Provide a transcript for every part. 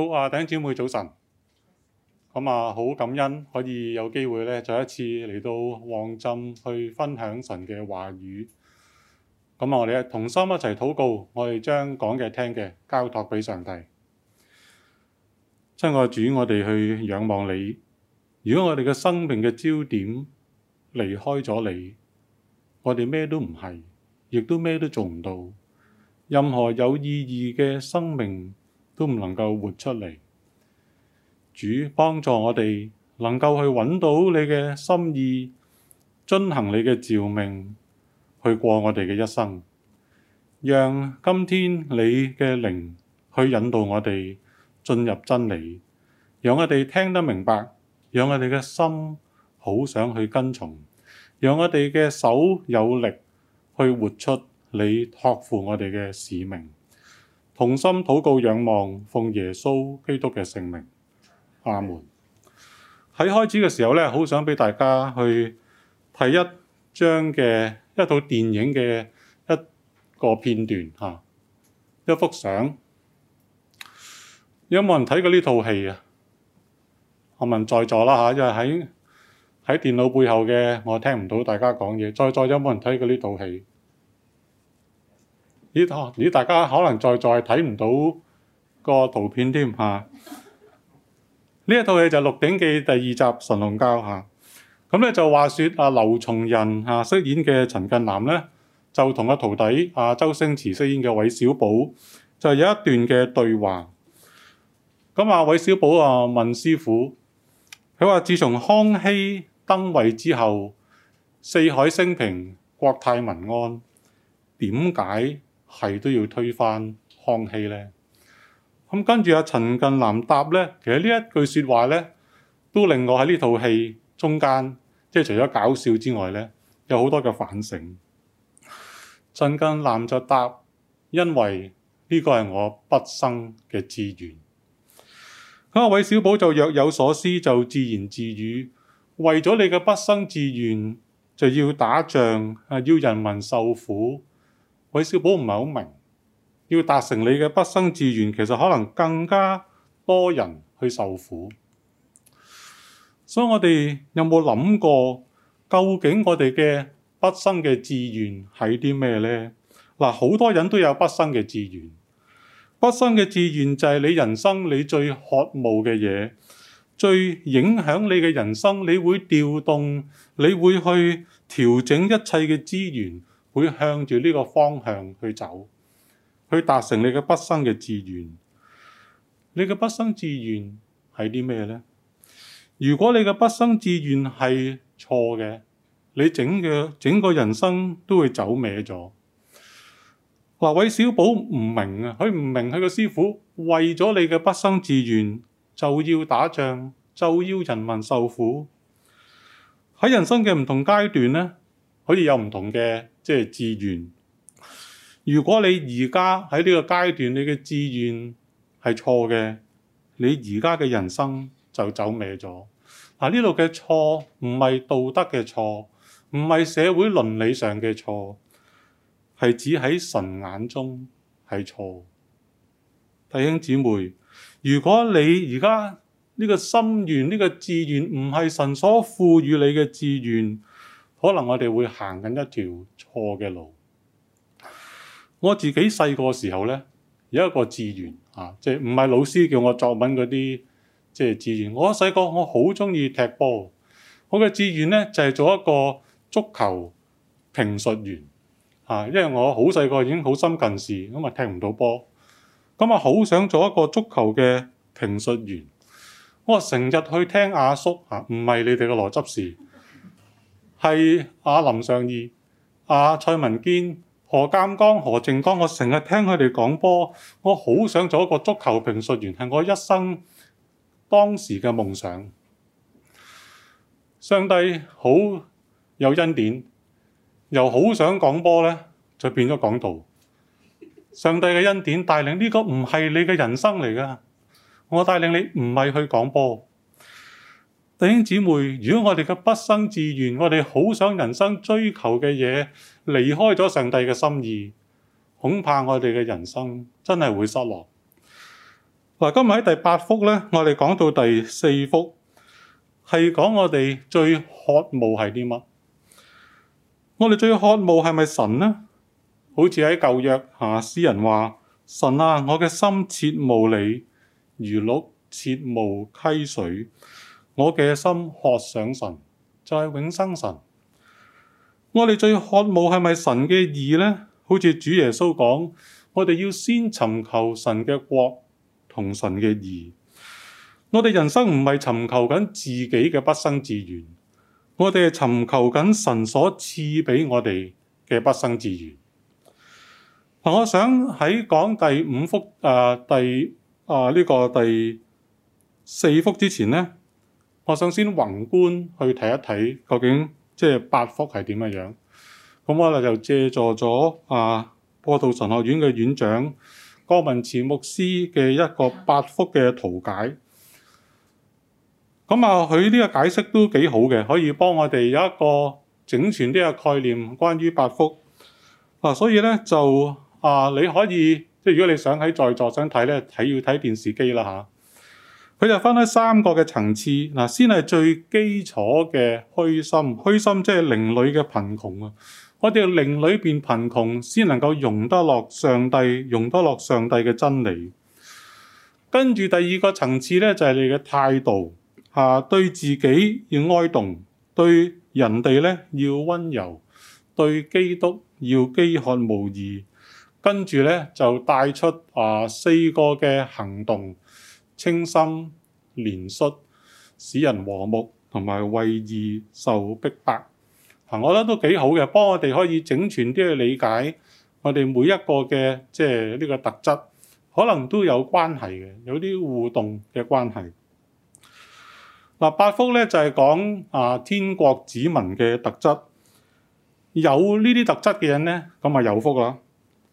好啊，弟兄姊妹早晨。咁啊，好感恩可以有機會咧，再一次嚟到旺鎮去分享神嘅話語。咁啊，我哋、啊、同心一齊禱告，我將講，我哋將講嘅聽嘅交託俾上帝。親愛主，我哋去仰望你。如果我哋嘅生命嘅焦點離開咗你，我哋咩都唔係，亦都咩都做唔到。任何有意義嘅生命。都唔能夠活出嚟，主幫助我哋能夠去揾到你嘅心意，遵行你嘅召命，去過我哋嘅一生。讓今天你嘅靈去引導我哋進入真理，讓我哋聽得明白，讓我哋嘅心好想去跟從，讓我哋嘅手有力去活出你託付我哋嘅使命。同心禱告、仰望，奉耶穌基督嘅聖名，阿門。喺開始嘅時候咧，好想俾大家去睇一張嘅一套電影嘅一個片段嚇、啊，一幅相。有冇人睇過呢套戲啊？我問在座啦嚇，因為喺喺電腦背後嘅，我聽唔到大家講嘢。在座有冇人睇過呢套戲？咦！大家可能再再睇唔到個圖片添嚇。呢、啊、一套嘢就是《鹿鼎記》第二集《神龍教》嚇。咁咧就話説啊，說劉松仁嚇飾演嘅陳近南咧，就同阿徒弟啊，周星馳飾演嘅韋小寶就有一段嘅對話。咁啊，韋小寶啊問師傅，佢話：自從康熙登位之後，四海升平，國泰民安，點解，係都要推翻康熙呢？咁跟住阿陳近南答呢，其實呢一句説話呢，都令我喺呢套戲中間，即係除咗搞笑之外呢，有好多嘅反省。陳近南就答：因為呢個係我畢生嘅志願。咁阿韋小寶就若有所思，就自言自語：為咗你嘅畢生志願，就要打仗啊，要人民受苦。韋小寶唔係好明，要達成你嘅畢生志願，其實可能更加多人去受苦。所以我哋有冇諗過，究竟我哋嘅畢生嘅志願係啲咩咧？嗱，好多人都有畢生嘅志願，畢生嘅志願就係你人生你最渴慕嘅嘢，最影響你嘅人生，你會調動，你會去調整一切嘅資源。會向住呢個方向去走，去達成你嘅畢生嘅志願。你嘅畢生志願係啲咩呢？如果你嘅畢生志願係錯嘅，你整個整個人生都會走歪咗。嗱，韋小寶唔明啊，佢唔明佢個師傅為咗你嘅畢生志願就要打仗，就要人民受苦。喺人生嘅唔同階段呢，可以有唔同嘅。即係志願。如果你而家喺呢個階段，你自，你嘅志願係錯嘅，你而家嘅人生就走歪咗。嗱，呢度嘅錯唔係道德嘅錯，唔係社會倫理上嘅錯，係指喺神眼中係錯。弟兄姊妹，如果你而家呢個心願、呢、呢個志願唔係神所賦予你嘅志願，可能我哋會行緊一條錯嘅路。我自己細個時候呢，有一個志願啊，即係唔係老師叫我作文嗰啲即係志願。我細個我好鍾意踢波，我嘅志願呢，就係做一個足球評述員啊。因為我好細個已經好深近視，咁啊踢唔到波，咁啊好想做一個足球嘅評述員。我成日去聽阿叔啊，唔係你哋嘅邏輯事。係阿林尚義、阿蔡文堅、何鑑江、何靜江，我成日聽佢哋講波，我好想做一個足球評述員，係我一生當時嘅夢想。上帝好有恩典，又好想講波咧，就變咗講道。上帝嘅恩典帶領呢，這個唔係你嘅人生嚟噶，我帶領你唔係去講波。弟兄姊妹，如果我哋嘅畢生志願，我哋好想人生追求嘅嘢離開咗上帝嘅心意，恐怕我哋嘅人生真係會失落。嗱，今日喺第八福呢，我哋講到第四福，係講我哋最渴慕係啲乜？我哋最渴慕係咪神呢？好似喺舊約下詩人話：神啊，我嘅心切慕你，如鹿切慕溪水。我嘅心渴想神，就係、是、永生神。我哋最渴慕係咪神嘅義呢？好似主耶穌講，我哋要先尋求神嘅國同神嘅義。」我哋人生唔係尋求緊自己嘅畢生志願，我哋係尋求緊神所賜俾我哋嘅畢生志願。我想喺講第五福誒、啊、第啊呢、這個第四福之前呢。我首先宏觀去睇一睇，究竟即係八福係點樣樣。咁我哋就借助咗啊播道神學院嘅院長郭文慈牧師嘅一個八福嘅圖解。咁啊，佢呢個解釋都幾好嘅，可以幫我哋有一個整全啲嘅概念關於八福。嗱、啊，所以咧就啊，你可以即係如果你想喺在，在座想睇咧，睇要睇電視機啦吓。啊佢就分開三個嘅層次，嗱，先係最基礎嘅虛心，虛心即係靈裡嘅貧窮啊！我哋要靈裡變貧窮，先能夠容得落上帝，容得落上帝嘅真理。跟住第二個層次咧，就係、是、你嘅態度，啊，對自己要哀慟，對人哋咧要溫柔，對基督要饑渴慕義。跟住咧就帶出啊四個嘅行動。清心憐恤，使人和睦，同埋為義受逼迫，嗱，我覺得都幾好嘅，幫我哋可以整全啲去理解我哋每一個嘅即係呢個特質，可能都有關係嘅，有啲互動嘅關係。嗱，八福咧就係講啊天國子民嘅特質，有呢啲特質嘅人咧，咁啊有福啦。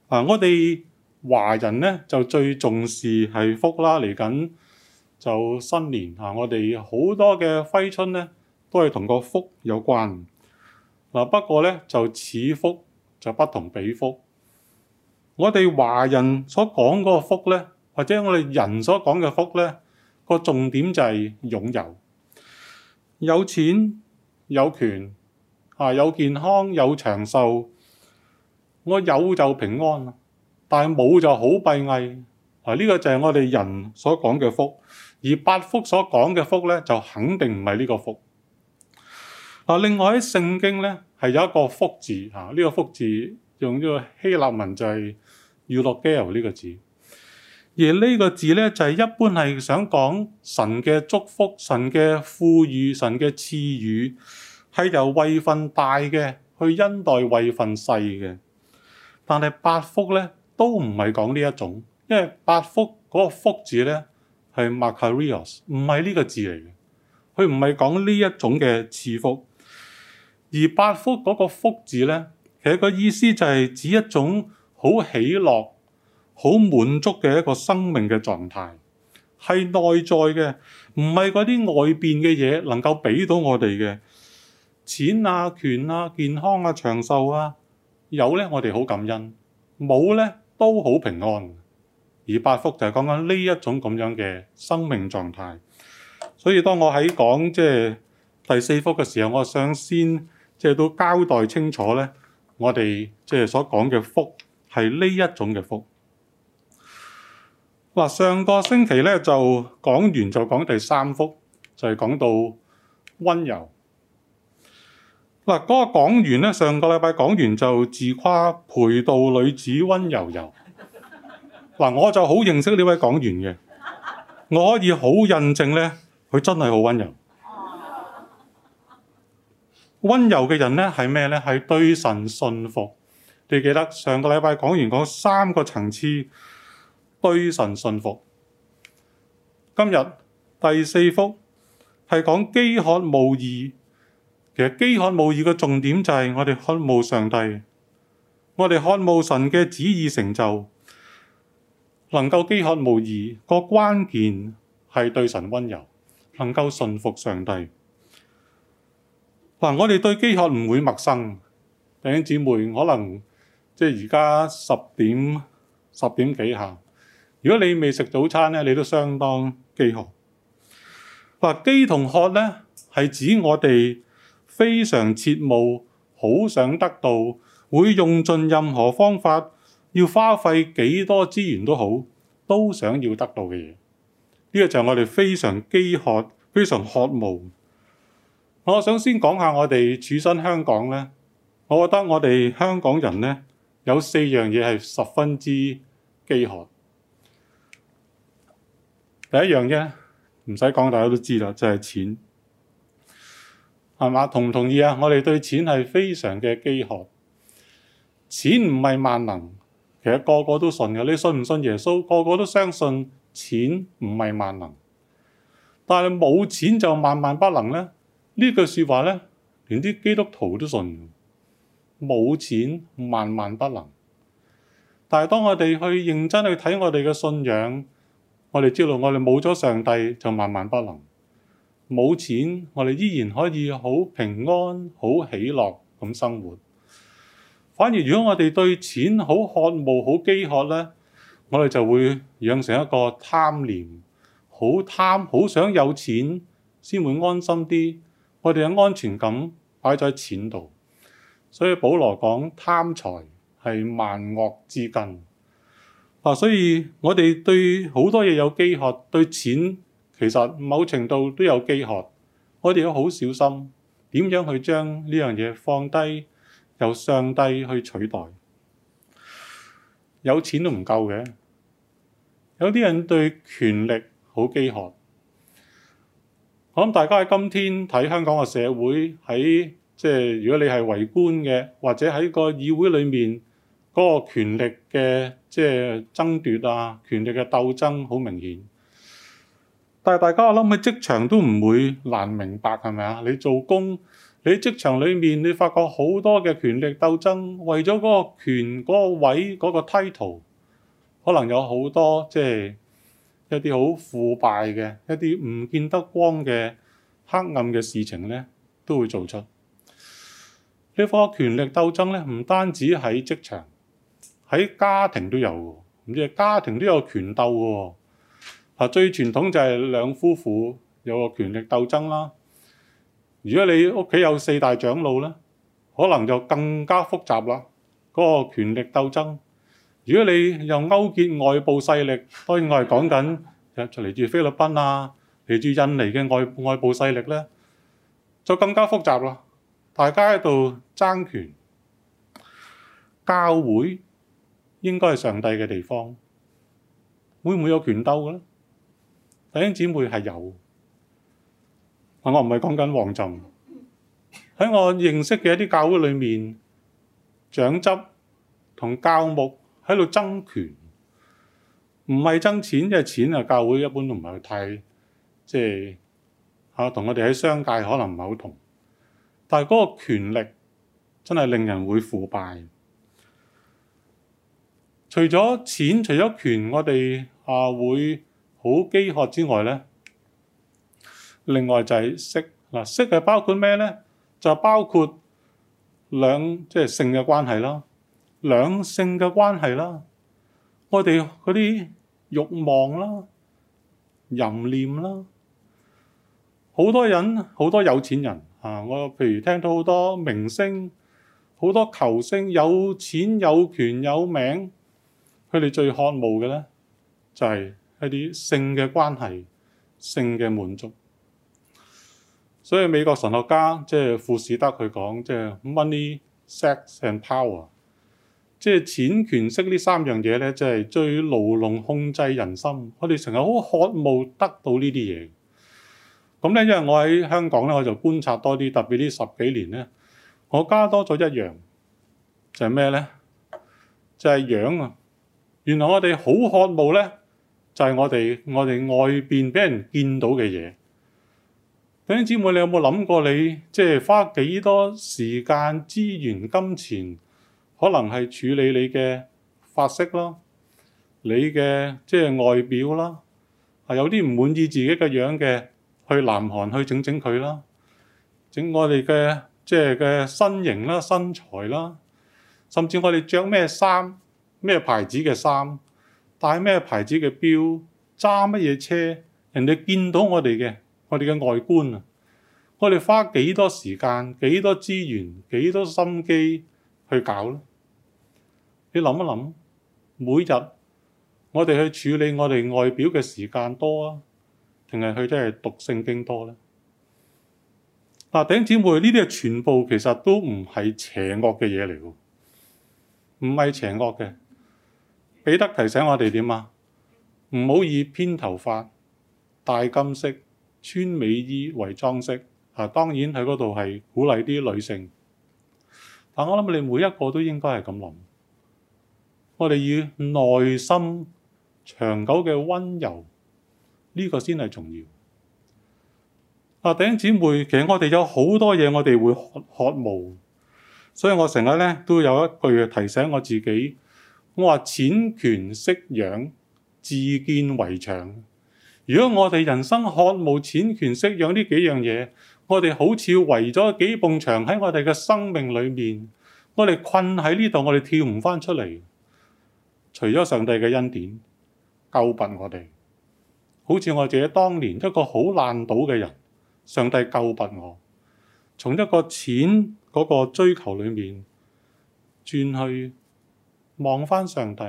啊，我哋。華人咧就最重視係福啦，嚟緊就新年啊！我哋好多嘅揮春咧都係同個福有關。嗱，不過咧就此福就不同彼福。我哋華人所講嗰個福咧，或者我哋人所講嘅福咧，個重點就係擁有，有錢有權啊，有健康有長壽，我有就平安啦。但冇就好閉翳啊！呢、這個就係我哋人所講嘅福，而八福所講嘅福咧，就肯定唔係呢個福。嗱、啊，另外喺聖經咧，係有一個福字啊，呢、這個福字用呢個希臘文就係 e u g a 呢個字，而呢個字咧就係、是、一般係想講神嘅祝福、神嘅賦予、神嘅賜予，係由位份大嘅去恩待位份細嘅，但係八福咧，都唔係講呢一種，因為八福嗰個福字呢係 macarios，唔係呢個字嚟嘅。佢唔係講呢一種嘅賜福，而八福嗰個福字呢，其實個意思就係指一種好喜樂、好滿足嘅一個生命嘅狀態，係內在嘅，唔係嗰啲外邊嘅嘢能夠俾到我哋嘅錢啊、權啊、健康啊、長壽啊。有呢，我哋好感恩，冇呢，都好平安，而八福就係講緊呢一種咁樣嘅生命狀態。所以當我喺講即係第四福嘅時候，我想先即係都交代清楚咧，我哋即係所講嘅福係呢一種嘅福。嗱，上個星期咧就講完，就講第三福，就係、是、講到温柔。嗱，嗰個講員咧，上個禮拜講完就自誇「陪道女子温柔柔」。嗱， 我就好認識呢位講員嘅，我可以好印證他 呢，佢真係好温柔。温柔嘅人咧係咩呢？係對神信服。你記得上個禮拜講完講三個層次對神信服，今日第四幅係講飢渴慕義。其實飢渴慕義嘅重點就係我哋渴慕上帝，我哋渴慕神嘅旨意成就，能夠飢渴慕義個關鍵係對神溫柔，能夠順服上帝。嗱，我哋對飢渴唔會陌生，弟兄姊妹可能即係而家十點十點幾下，如果你未食早餐咧，你都相當飢渴。嗱，飢同渴咧係指我哋。非常切慕，好想得到，會用盡任何方法，要花費幾多資源都好，都想要得到嘅嘢。呢個就係我哋非常飢渴、非常渴慕。我想先講下我哋處身香港呢，我覺得我哋香港人呢，有四樣嘢係十分之飢渴。第一樣啫，唔使講，大家都知道，就係錢。係嘛，同唔同意啊？我哋對錢係非常嘅飢渴。錢唔係萬能，其實個個都信嘅。你信唔信耶穌？個個都相信錢唔係萬能，但係冇錢就萬萬不能咧。呢句說話咧，連啲基督徒都信，冇錢萬萬不能。但係當我哋去認真去睇我哋嘅信仰，我哋知道我哋冇咗上帝就萬萬不能。冇錢，我哋依然可以好平安、好喜樂咁生活。反而如果我哋對錢好渴慕、好飢渴咧，我哋就會養成一個貪念，好貪、好想有錢先會安心啲。我哋嘅安全感擺咗喺錢度。所以保羅講貪財係萬惡之根。啊，所以我哋對好多嘢有飢渴，對錢。其實某程度都有飢渴，我哋要好小心點樣去將呢樣嘢放低，由上帝去取代。有錢都唔夠嘅，有啲人對權力好飢渴。我諗大家喺今天睇香港嘅社會，喺即係如果你係圍觀嘅，或者喺個議會裏面嗰個權力嘅即係爭奪啊，權力嘅鬥爭好明顯。但係大家我諗喺職場都唔會難明白係咪啊？你做工，你喺職場裏面，你發覺好多嘅權力鬥爭，為咗嗰個權、嗰、嗰個位、嗰、嗰個 title，可能有好多即係、就是、一啲好腐敗嘅、一啲唔見得光嘅黑暗嘅事情咧，都會做出呢個權力鬥爭咧，唔單止喺職場，喺家庭都有，唔知家庭都有權鬥嘅。啊，最傳統就係兩夫婦有個權力鬥爭啦。如果你屋企有四大長老咧，可能就更加複雜啦。嗰、那個權力鬥爭，如果你又勾結外部勢力，當然我係講緊就嚟自菲律賓啊、嚟自印尼嘅外外部勢力咧，就更加複雜啦。大家喺度爭權，教會應該係上帝嘅地方，會唔會有權鬥嘅咧？弟兄姊妹係有，但係我唔係講緊王政。喺我認識嘅一啲教會裏面，長執同教牧喺度爭權，唔係爭錢，即係錢啊！教會一般都唔係去睇即係嚇，同我哋喺商界可能唔係好同。但係嗰個權力真係令人會腐敗。除咗錢，除咗權，我哋啊會。好飢渴之外咧，另外就係色嗱，色係包括咩咧？就包括兩即係性嘅關係啦，兩性嘅關係啦，我哋嗰啲慾望啦、淫念啦，好多人好多有錢人啊！我譬如聽到好多明星、好多球星，有錢有權有名，佢哋最渴慕嘅咧就係、是。一啲性嘅關係、性嘅滿足，所以美國神學家即係傅士德佢講，即係 money、sex and power，即係錢、權、色呢三樣嘢咧，就係最牢籠控制人心。我哋成日好渴望得到呢啲嘢。咁咧，因為我喺香港咧，我就觀察多啲，特別呢十幾年咧，我加多咗一樣，就係咩咧？就係樣啊！原來我哋好渴望咧。就係我哋我哋外邊俾人見到嘅嘢，弟兄姊妹，你有冇諗過你即係、就是、花幾多時間、資源、金錢，可能係處理你嘅髮色咯，你嘅即係外表啦，係有啲唔滿意自己嘅樣嘅，去南韓去整整佢啦，整我哋嘅即係嘅身形啦、身材啦，甚至我哋着咩衫、咩牌子嘅衫。戴咩牌子嘅表，揸乜嘢車，人哋見到我哋嘅，我哋嘅外觀啊，我哋花幾多時間，幾多資源，幾多心機去搞咧？你諗一諗，每日我哋去處理我哋外表嘅時間多啊，定係去真係讀聖經多咧？嗱，頂姊妹，呢啲係全部其實都唔係邪惡嘅嘢嚟嘅，唔係邪惡嘅。彼得提醒我哋點啊？唔好以編頭髮、戴金飾、穿美衣為裝飾。啊，當然喺嗰度係鼓勵啲女性，但我諗你每一個都應該係咁諗。我哋以內心長久嘅溫柔，呢個先係重要。啊，頂姊妹，其實我哋有好多嘢，我哋會渴慕，所以我成日咧都有一句提醒我自己。我話錢權色養自建圍牆。如果我哋人生渴慕錢權色養呢幾樣嘢，我哋好似圍咗幾埲牆喺我哋嘅生命裏面，我哋困喺呢度，我哋跳唔翻出嚟。除咗上帝嘅恩典救拔我哋，好似我自己當年一個好爛賭嘅人，上帝救拔我，從一個錢嗰個追求裏面轉去。望翻上帝，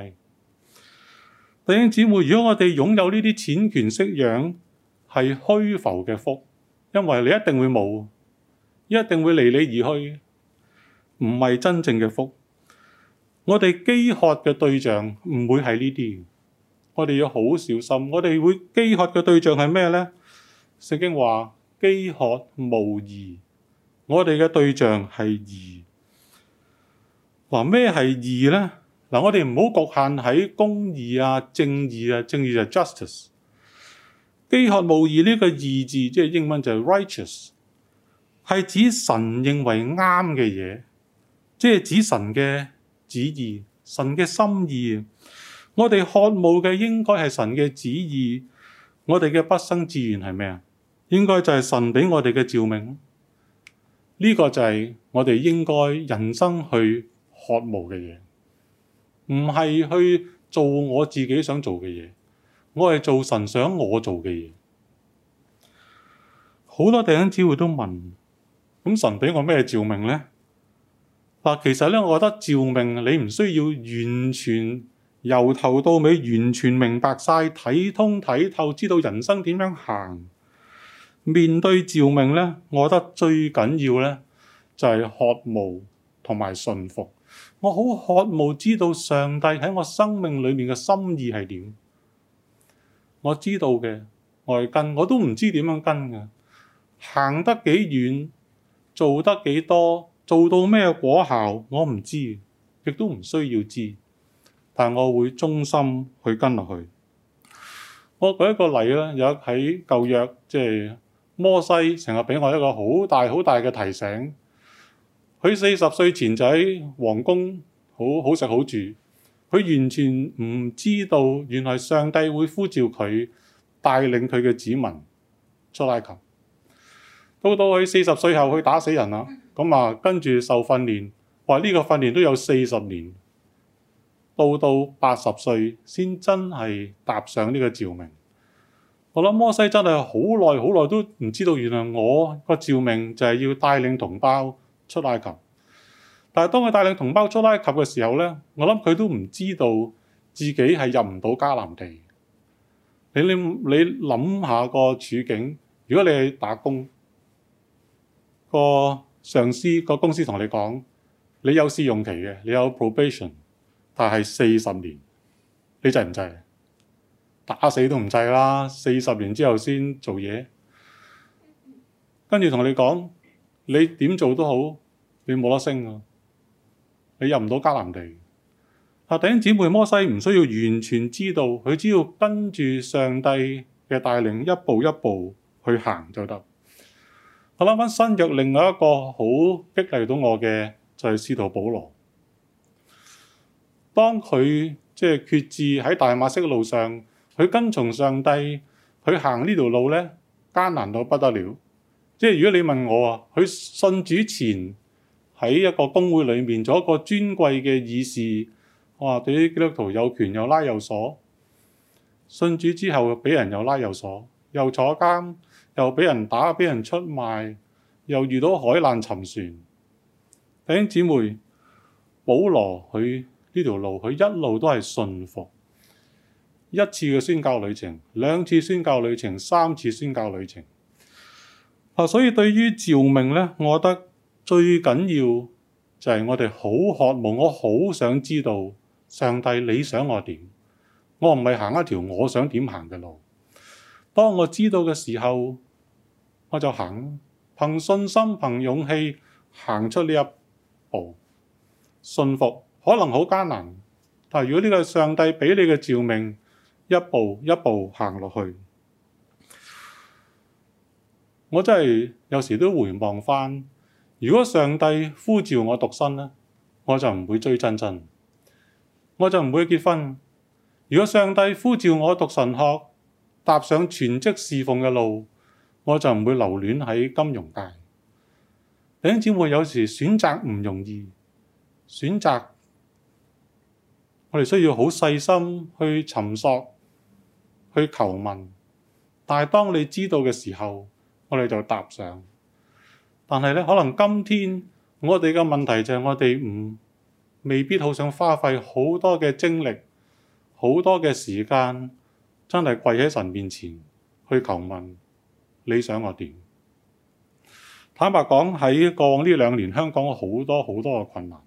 弟兄姊妹，如果我哋擁有呢啲淺權識養，係虛浮嘅福，因為你一定會冇，一定會離你而去，唔係真正嘅福。我哋飢渴嘅對象唔會係呢啲，我哋要好小心。我哋會飢渴嘅對象係咩咧？聖經話飢渴慕義，我哋嘅對象係義。話咩係義咧？嗱，我哋唔好局限喺公義啊、正義啊。正義就係 justice，飢渴慕義呢個義字，即係英文就係 righteous，係指神認為啱嘅嘢，即係指神嘅旨意、神嘅心意。我哋渴慕嘅應該係神嘅旨意。我哋嘅畢生志願係咩啊？應該就係神俾我哋嘅召命。呢、這個就係我哋應該人生去渴慕嘅嘢。唔係去做我自己想做嘅嘢，我係做神想我做嘅嘢。好多弟兄姊妹都問：咁神俾我咩照明呢？嗱，其實咧，我覺得照明你唔需要完全由頭到尾完全明白晒，睇通睇透，知道人生點樣行。面對照明咧，我覺得最緊要咧就係渴慕同埋順服。我好渴望知道上帝喺我生命裏面嘅心意係點。我知道嘅我係跟，我都唔知點樣跟嘅。行得幾遠，做得幾多，多，做到咩果效，我唔知，亦都唔需要知。但係我會忠心去跟落去。我舉一個例啦，有喺舊約，即係摩西成日俾我一個好大好大嘅提醒。佢四十歲前就喺皇宮好好食好住。佢完全唔知道，原來上帝會呼召佢帶領佢嘅子民出埃及。到到佢四十歲後，佢打死人啦。咁啊，跟住受訓練，話、這、呢個訓練都有四十年。到到八十歲先真係踏上呢個召命。我諗摩西真係好耐好耐都唔知道，原來我個召命就係要帶領同胞。出埃及，但係當佢帶領同胞出埃及嘅時候呢，我諗佢都唔知道自己係入唔到迦南地。你你你諗下個處境，如果你去打工，個上司、個公司同你講，你有試用期嘅，你有 probation，但係係四十年，你制唔制？打死都唔制啦！四十年之後先做嘢，跟住同你講。你點做都好，你冇得升啊！你入唔到迦南地。阿頂姊妹，摩西唔需要完全知道，佢只要跟住上帝嘅帶領，一步一步去行就得。我諗翻新約另外一個好激勵到我嘅，就係使徒保羅。當佢即係決志喺大馬色嘅路上，佢跟從上帝，佢行呢條路咧，艱難到不得了。即係如果你問我啊，佢信主前喺一個公會裡面做一個尊貴嘅議事，哇！對於基督徒有權又拉又鎖。信主之後俾人又拉又鎖，又坐監，又俾人打，俾人出賣，又遇到海難沉船。弟兄姊妹，保羅佢呢條路佢一路都係信服，一次嘅宣教旅程，兩次宣教旅程，三次宣教旅程。啊，所以對於照明呢，我覺得最緊要就係我哋好渴望，我好想知道上帝理想我點。我唔係行一條我想點行嘅路。當我知道嘅時候，我就行，憑信心憑勇氣行出呢一步。信服可能好艱難，但如果呢個係上帝俾你嘅召命，一步一步行落去。我真係有時都回望翻，如果上帝呼召我獨身呢，我就唔會追真真，我就唔會結婚。如果上帝呼召我讀神學，踏上全職侍奉嘅路，我就唔會留戀喺金融界。弟兄姊妹，有時選擇唔容易，選擇我哋需要好細心去尋索，去求問。但係當你知道嘅時候，我哋就搭上，但係咧，可能今天我哋嘅問題就係我哋唔未必好想花費好多嘅精力、好多嘅時間，真係跪喺神面前去求問你想我點？坦白講，喺過往呢兩年，香港好多好多嘅困難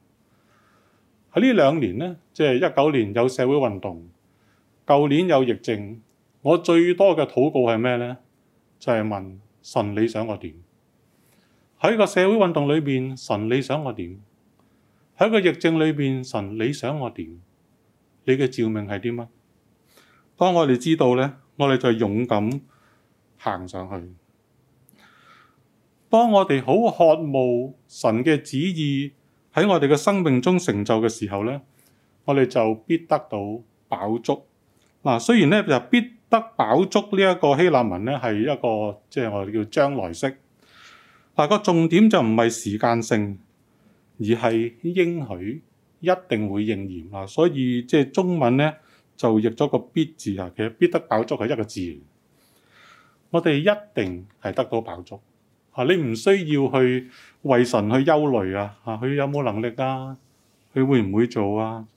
喺呢兩年呢，即係一九年有社會運動，舊年有疫症。我最多嘅禱告係咩呢？就係問。神你想我點？喺個社會運動裏邊，神你想我點？喺個疫症裏邊，神你想我點？你嘅召命係啲乜？當我哋知道呢，我哋就勇敢行上去。當我哋好渴慕神嘅旨意喺我哋嘅生命中成就嘅時候呢，我哋就必得到飽足。嗱，雖然咧，就必得飽足呢一個希臘文咧，係一個即係我哋叫將來式，但個重點就唔係時間性，而係應許一定會應驗啦。所以即係中文咧就譯咗個必字啊，其實必得飽足係一個字，我哋一定係得到飽足啊！你唔需要去為神去憂慮啊，嚇佢有冇能力啊，佢會唔會做啊？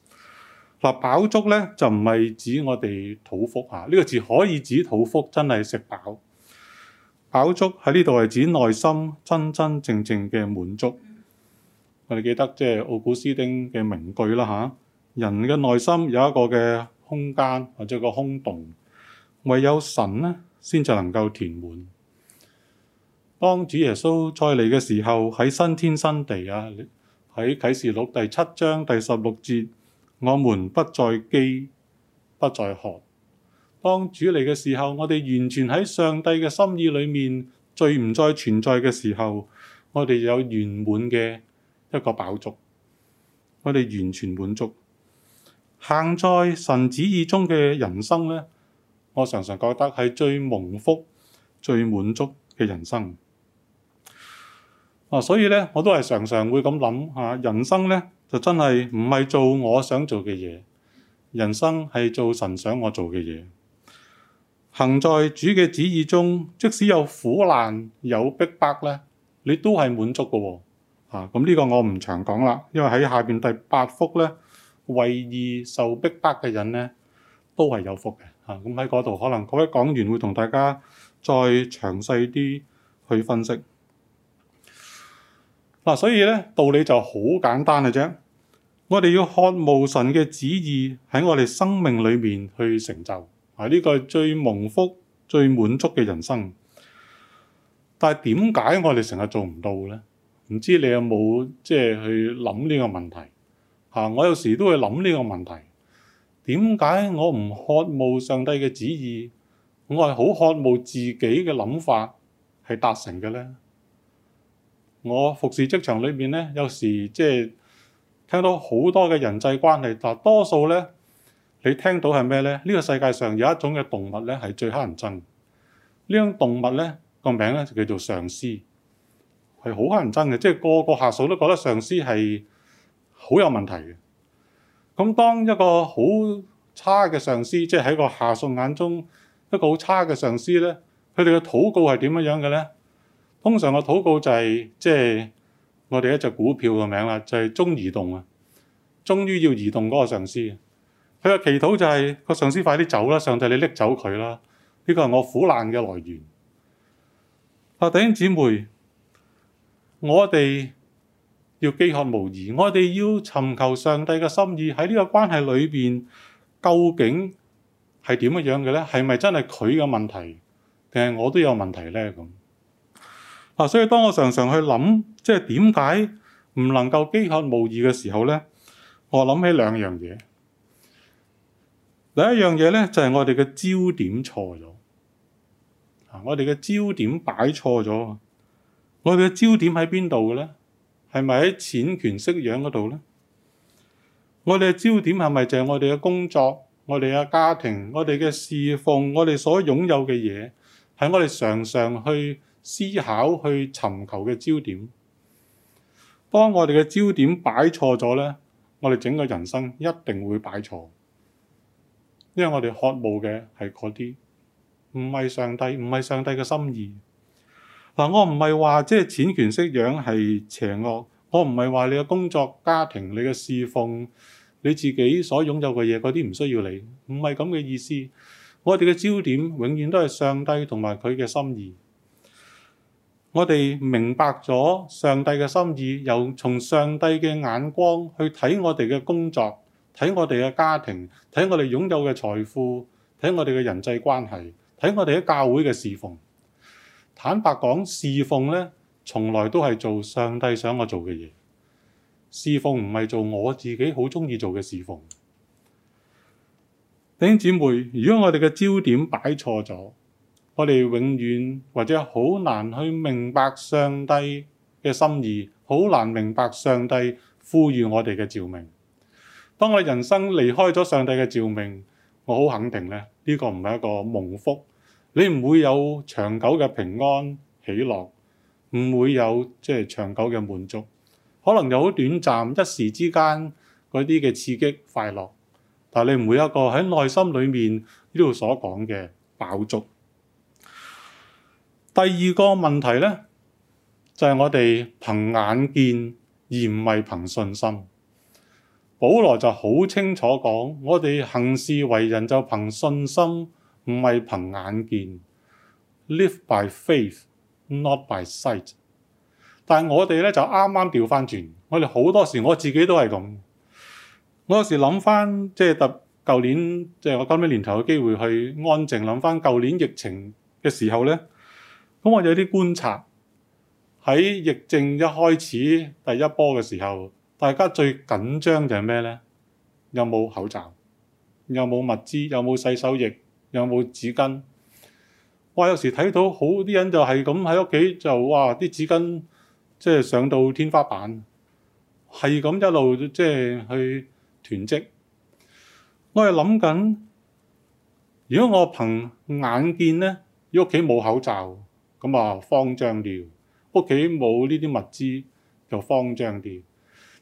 嗱，飽足呢，就唔係指我哋肚腹嚇，呢、這個字可以指肚腹真係食飽。飽足喺呢度係指內心真真正正嘅滿足。我哋記得即係奧古斯丁嘅名句啦嚇，人嘅內心有一個嘅空間或者個空洞，唯有神咧先至能夠填滿。當主耶穌再嚟嘅時候喺新天新地啊，喺啟示錄第七章第十六節。我們不再飢，不再渴。當主嚟嘅時候，我哋完全喺上帝嘅心意裏面，罪唔再存在嘅時候，我哋有圓滿嘅一個飽足，我哋完全滿足。行在神旨意中嘅人生咧，我常常覺得係最蒙福、最滿足嘅人生。啊，所以咧，我都係常常會咁諗嚇，人生咧就真係唔係做我想做嘅嘢，人生係做神想我做嘅嘢。行在主嘅旨意中，即使有苦難有逼迫咧，你都係滿足嘅喎、哦。嚇、啊，咁、這、呢個我唔長講啦，因為喺下邊第八福咧，為義受逼迫嘅人咧都係有福嘅。嚇、啊，咁喺嗰度可能各位講完會同大家再詳細啲去分析。嗱，所以咧，道理就好簡單嘅啫，我哋要渴慕神嘅旨意喺我哋生命裏面去成就，啊呢個係最蒙福、最滿足嘅人生。但係點解我哋成日做唔到咧？唔知你有冇即係去諗呢個問題？吓、啊，我有時都會諗呢個問題，點解我唔渴慕上帝嘅旨意？我係好渴慕自己嘅諗法係達成嘅咧？我服侍職場裏面咧，有時即係聽到好多嘅人際關係，但多數咧，你聽到係咩咧？呢個世界上有一種嘅動物咧，係最乞人憎。呢種動物咧，個名咧就叫做上司，係好乞人憎嘅，即係個個下屬都覺得上司係好有問題嘅。咁當一個好差嘅上司，即係喺個下屬眼中一個好差嘅上司咧，佢哋嘅禱告係點樣嘅咧？通常個禱告就係即係我哋一隻股票個名啦，就係中移動啊，終於要移動嗰個上司。佢嘅祈禱就係個上司快啲走啦，上帝你拎走佢啦。呢個係我苦難嘅來源。啊弟兄姊妹，我哋要飢渴慕義，我哋要尋求上帝嘅心意喺呢個關係裏邊，究竟係點樣樣嘅咧？係咪真係佢嘅問題，定係我都有問題咧？咁？啊、所以，當我常常去諗，即係點解唔能夠飢渴慕義嘅時候咧，我諗起兩樣嘢。第一樣嘢咧，就係、是、我哋嘅焦點錯咗、啊。我哋嘅焦點擺錯咗。我哋嘅焦點喺邊度嘅咧？係咪喺錢權色養嗰度咧？我哋嘅焦點係咪就係我哋嘅工作、我哋嘅家庭、我哋嘅侍奉、我哋所擁有嘅嘢，係我哋常常去思考去尋求嘅焦點，當我哋嘅焦點擺錯咗呢，我哋整個人生一定會擺錯，因為我哋渴慕嘅係嗰啲，唔係上帝，唔係上帝嘅心意。嗱、就是，我唔係話即係錢權色慾係邪惡，我唔係話你嘅工作、家庭、你嘅侍奉、你自己所擁有嘅嘢，嗰啲唔需要你，唔係咁嘅意思。我哋嘅焦點永遠都係上帝同埋佢嘅心意。我哋明白咗上帝嘅心意，又從上帝嘅眼光去睇我哋嘅工作，睇我哋嘅家庭，睇我哋擁有嘅財富，睇我哋嘅人際關係，睇我哋喺教會嘅侍奉。坦白講，侍奉呢，從來都係做上帝想我做嘅嘢。侍奉唔係做我自己好中意做嘅侍奉。弟兄姊妹，如果我哋嘅焦點擺錯咗，我哋永遠或者好難去明白上帝嘅心意，好難明白上帝呼籲我哋嘅照明。當我人生離開咗上帝嘅照明，我好肯定咧，呢個唔係一個蒙福。你唔會有長久嘅平安喜樂，唔會有即係長久嘅滿足，可能有好短暫、一時之間嗰啲嘅刺激快樂，但係你唔會有一個喺內心裏面呢度所講嘅飽足。第二個問題呢，就係、是、我哋憑眼見而唔係憑信心。保羅就好清楚講，我哋行事為人就憑信心，唔係憑眼見。Live by faith, not by sight。但係我哋呢，就啱啱調翻轉，我哋好多時我自己都係咁。我有時諗翻，即、就、係、是、特舊年，即、就、係、是、我今年年頭嘅機會去安靜諗翻舊年疫情嘅時候呢。咁我有啲觀察，喺疫症一開始第一波嘅時候，大家最緊張就係咩呢？有冇口罩？有冇物資？有冇洗手液？有冇紙巾？哇！我有時睇到好啲人就係咁喺屋企就哇啲紙巾即係上到天花板，係咁一路即係去囤積。我係諗緊，如果我憑眼見咧，屋企冇口罩。咁啊，慌張啲，屋企冇呢啲物資就慌張啲。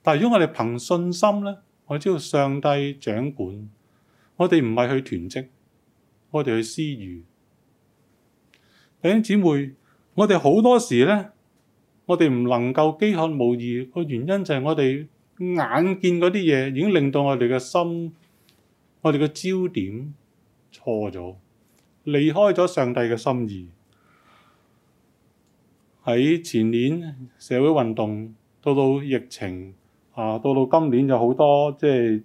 但係如果我哋憑信心咧，我知道上帝掌管，我哋唔係去囤積，我哋去施予。弟兄姊妹，我哋好多時咧，我哋唔能夠飢渴慕義，個原因就係我哋眼見嗰啲嘢已經令到我哋嘅心，我哋嘅焦點錯咗，離開咗上帝嘅心意。喺前年社會運動到到疫情啊，到到今年有好多即係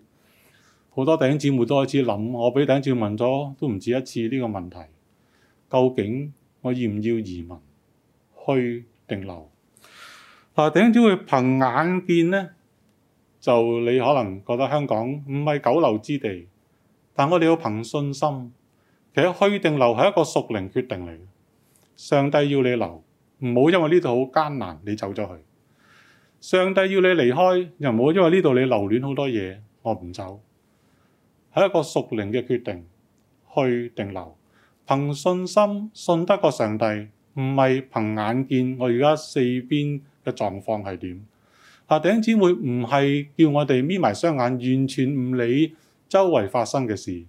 好多弟兄姊妹，都開始諗。我俾弟兄姊妹問咗都唔止一次呢個問題，究竟我要唔要移民去定留？嗱，弟兄姊妹會憑眼見呢，就你可能覺得香港唔係久留之地，但我哋要憑信心。其實去定留係一個屬靈決定嚟，上帝要你留。唔好因為呢度好艱難，你走咗去。上帝要你離開，又唔好因為呢度你留戀好多嘢，我唔走。係一個屬靈嘅決定，去定留，憑信心信得過上帝，唔係憑眼見。我而家四邊嘅狀況係點？啊，頂姊妹唔係叫我哋眯埋雙眼，完全唔理周圍發生嘅事。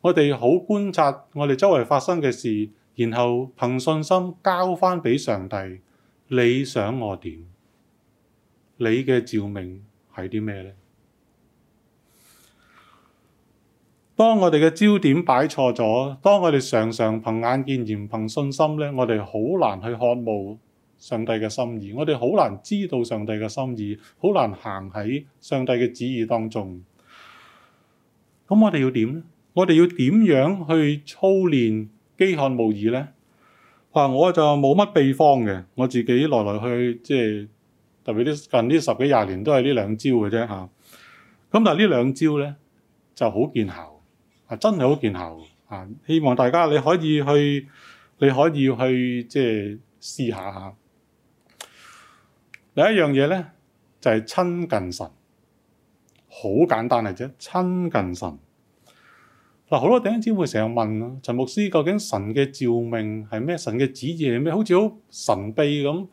我哋好觀察我哋周圍發生嘅事。然後憑信心交翻俾上帝，你想我點？你嘅照明係啲咩呢？當我哋嘅焦點擺錯咗，當我哋常常憑眼見而憑信心呢，我哋好難去渴慕上帝嘅心意，我哋好難知道上帝嘅心意，好難行喺上帝嘅旨意當中。咁我哋要點咧？我哋要點樣去操練？飢渴慕義咧，話！我就冇乜秘方嘅，我自己來來去即係、就是、特別啲近呢十幾廿年都係呢兩招嘅啫嚇。咁但係呢兩招咧就好見效，啊真係好見效啊！希望大家你可以去，你可以去即係、就是、試下下。另一樣嘢咧就係、是、親近神，好簡單嘅啫，親近神。嗱，好多弟兄姊妹成日問啊，陳牧師究竟神嘅召命係咩？神嘅旨意係咩？好似好神秘咁，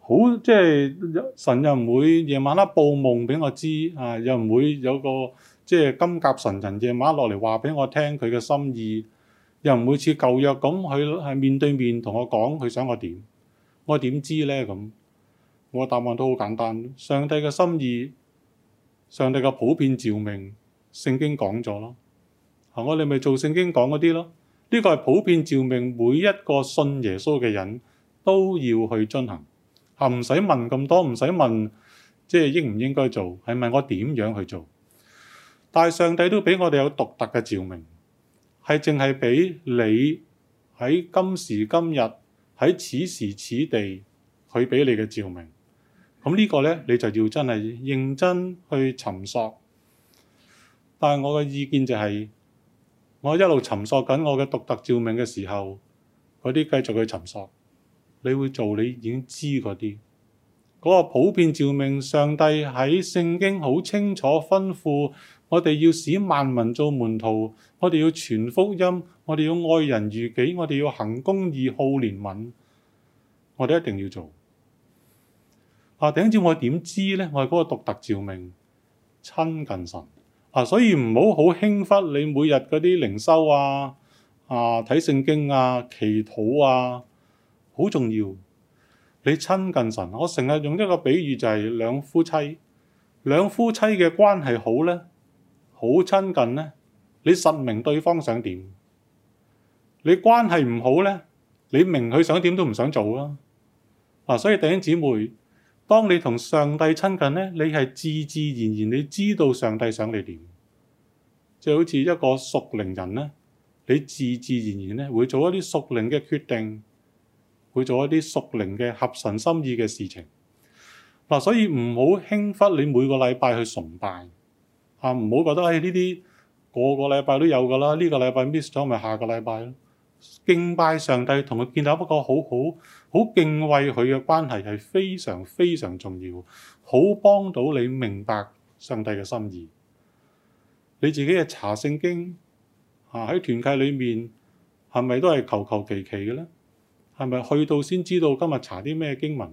好即係、就是、神又唔會夜晚啦報夢俾我知啊，又唔會有個即係、就是、金甲神人夜晚落嚟話俾我聽佢嘅心意，又唔會似舊約咁佢係面對面同我講佢想我點，我點知咧咁？我答案都好簡單，上帝嘅心意，上帝嘅普遍召命，聖經講咗咯。啊！我哋咪做聖經講嗰啲咯，呢個係普遍照明，每一個信耶穌嘅人都要去進行，嚇唔使問咁多，唔使問即係應唔應該做，係問我點樣去做。但係上帝都俾我哋有獨特嘅照明，係淨係俾你喺今時今日，喺此時此地佢俾你嘅照明。咁呢個呢，你就要真係認真去尋索。但係我嘅意見就係。我一路尋索緊我嘅獨特召命嘅時候，嗰啲繼續去尋索。你會做你已經知嗰啲，嗰、嗰個普遍召命。上帝喺聖經好清楚吩咐我哋要使萬民做門徒，我哋要傳福音，我哋要愛人如己，我哋要行公義、好憐憫，我哋一定要做。啊，頂住我點知呢？我係嗰個獨特召命，親近神。啊，所以唔好好輕忽你每日嗰啲靈修啊、啊睇聖經啊、祈禱啊，好重要。你親近神，我成日用一個比喻就係兩夫妻，兩夫妻嘅關係好咧，好親近咧，你實明對方想點。你關係唔好咧，你明佢想點都唔想做咯。啊，所以弟兄姊妹。當你同上帝親近咧，你係自自然然你知道上帝想你點，就好似一個屬靈人咧，你自自然然咧會做一啲屬靈嘅決定，會做一啲屬靈嘅合神心意嘅事情。嗱，所以唔好輕忽你每個禮拜去崇拜啊！唔好覺得，唉，呢啲個個禮拜都有噶啦，呢、這個禮拜 miss 咗咪下個禮拜咯。敬拜上帝同佢見到，不過好好好敬畏佢嘅關係係非常非常重要，好幫到你明白上帝嘅心意。你自己嘅查聖經啊喺團契裏面係咪都係求求其其嘅呢？係咪去到先知道今日查啲咩經文？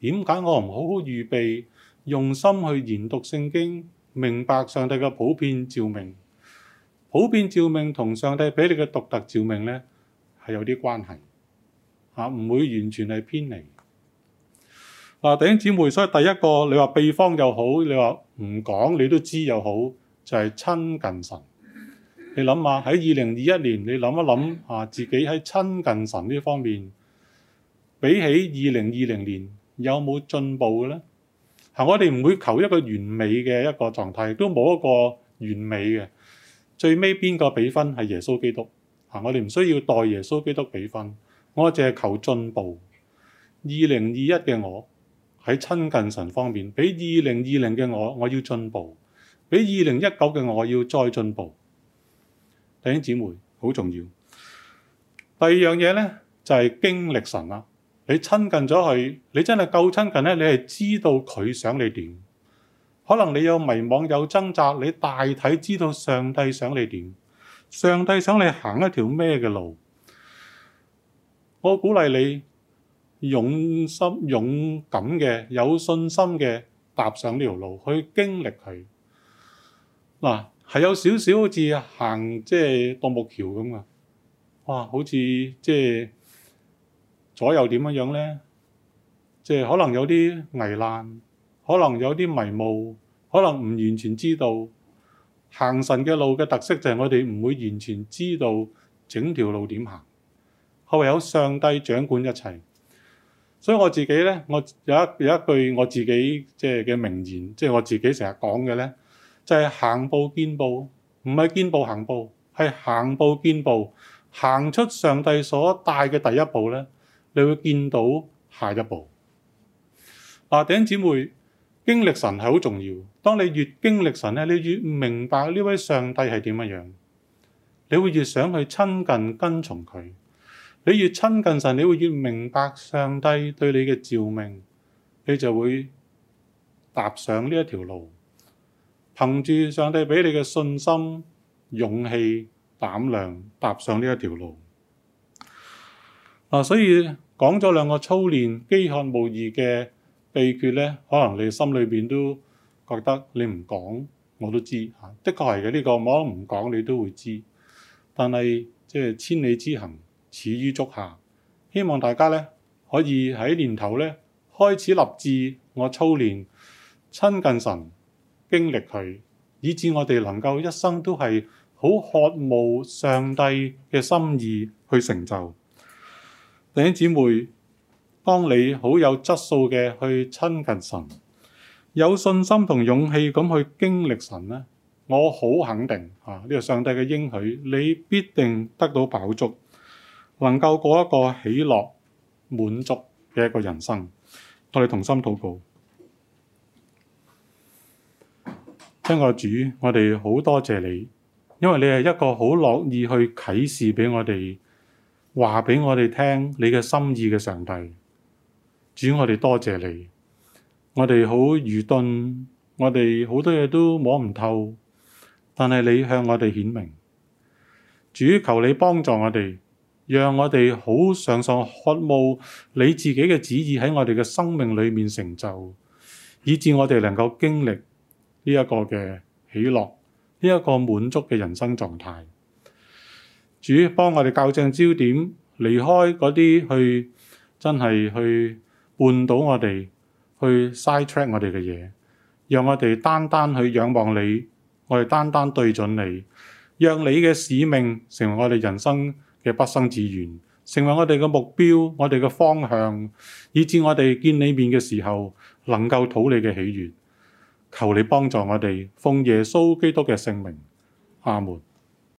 點解我唔好好預備，用心去研讀聖經，明白上帝嘅普遍照明、普遍照明同上帝俾你嘅獨特照明呢？係有啲關係嚇，唔、啊、會完全係偏離。嗱、啊，弟兄姊妹，所以第一個你話秘方又好，你話唔講你都知又好，就係、是、親近神。你諗下喺二零二一年，你諗一諗嚇、啊，自己喺親近神呢方面，比起二零二零年有冇進步咧？係我哋唔會求一個完美嘅一個狀態，都冇一個完美嘅。最尾邊個比分係耶穌基督？我哋唔需要代耶穌基督畀分，我淨係求進步。二零二一嘅我喺親近神方面，比二零二零嘅我，我要進步；比二零一九嘅我要再進步。弟兄姊妹，好重要。第二樣嘢呢，就係經歷神啦。你親近咗佢，你真係夠親近呢？你係知道佢想你點。可能你有迷惘、有掙扎，你大體知道上帝想你點。上帝想你行一條咩嘅路？我鼓勵你勇心勇敢嘅、有信心嘅，踏上呢條路去經歷佢。嗱、啊，係有少少好似行即係獨木橋咁啊！哇，好似即係左右點樣咧？即係可能有啲危難，可能有啲迷霧，可能唔完全知道。行神嘅路嘅特色就係我哋唔會完全知道整條路點行，唯有上帝掌管一切。所以我自己呢，我有一有一句我自己即係嘅名言，即係我自己成日講嘅呢，就係行步見步，唔係見步行步，係行步見步，行出上帝所帶嘅第一步呢，你會見到下一步。阿頂姊妹。經歷神係好重要，當你越經歷神咧，你越明白呢位上帝係點樣，你會越想去親近跟從佢。你越親近神，你會越明白上帝對你嘅召命。你就會踏上呢一條路，憑住上帝俾你嘅信心、勇氣、膽量，踏上呢一條路。嗱、啊，所以講咗兩個操練，飢渴慕義嘅。秘訣咧，可能你心裏邊都覺得你唔講我都知，嚇，的確係嘅呢個，我唔講你都會知。但係即係千里之行，始於足下。希望大家咧可以喺年頭咧開始立志，我操練親近神，經歷佢，以致我哋能夠一生都係好渴慕上帝嘅心意去成就。弟兄姊妹。當你好有質素嘅去親近神，有信心同勇氣咁去經歷神呢，我好肯定啊，呢個上帝嘅應許，你必定得到飽足，能夠過一個喜樂滿足嘅一個人生。我哋同心禱告，聽我主，我哋好多謝你，因為你係一個好樂意去啟示畀我哋話畀我哋聽你嘅心意嘅上帝。主，我哋多謝你，我哋好愚鈍，我哋好多嘢都摸唔透，但係你向我哋顯明，主求你幫助我哋，讓我哋好常常渴慕你自己嘅旨意喺我哋嘅生命裏面成就，以至我哋能夠經歷呢一個嘅喜樂，呢一個滿足嘅人生狀態。主，幫我哋校正焦點，離開嗰啲去真係去。換到我哋去 side track 我哋嘅嘢，讓我哋單單去仰望你，我哋單單對準你，讓你嘅使命成為我哋人生嘅不生之源，成為我哋嘅目標，我哋嘅方向，以致我哋見你面嘅時候能夠討你嘅喜悅。求你幫助我哋，奉耶穌基督嘅聖名，阿門。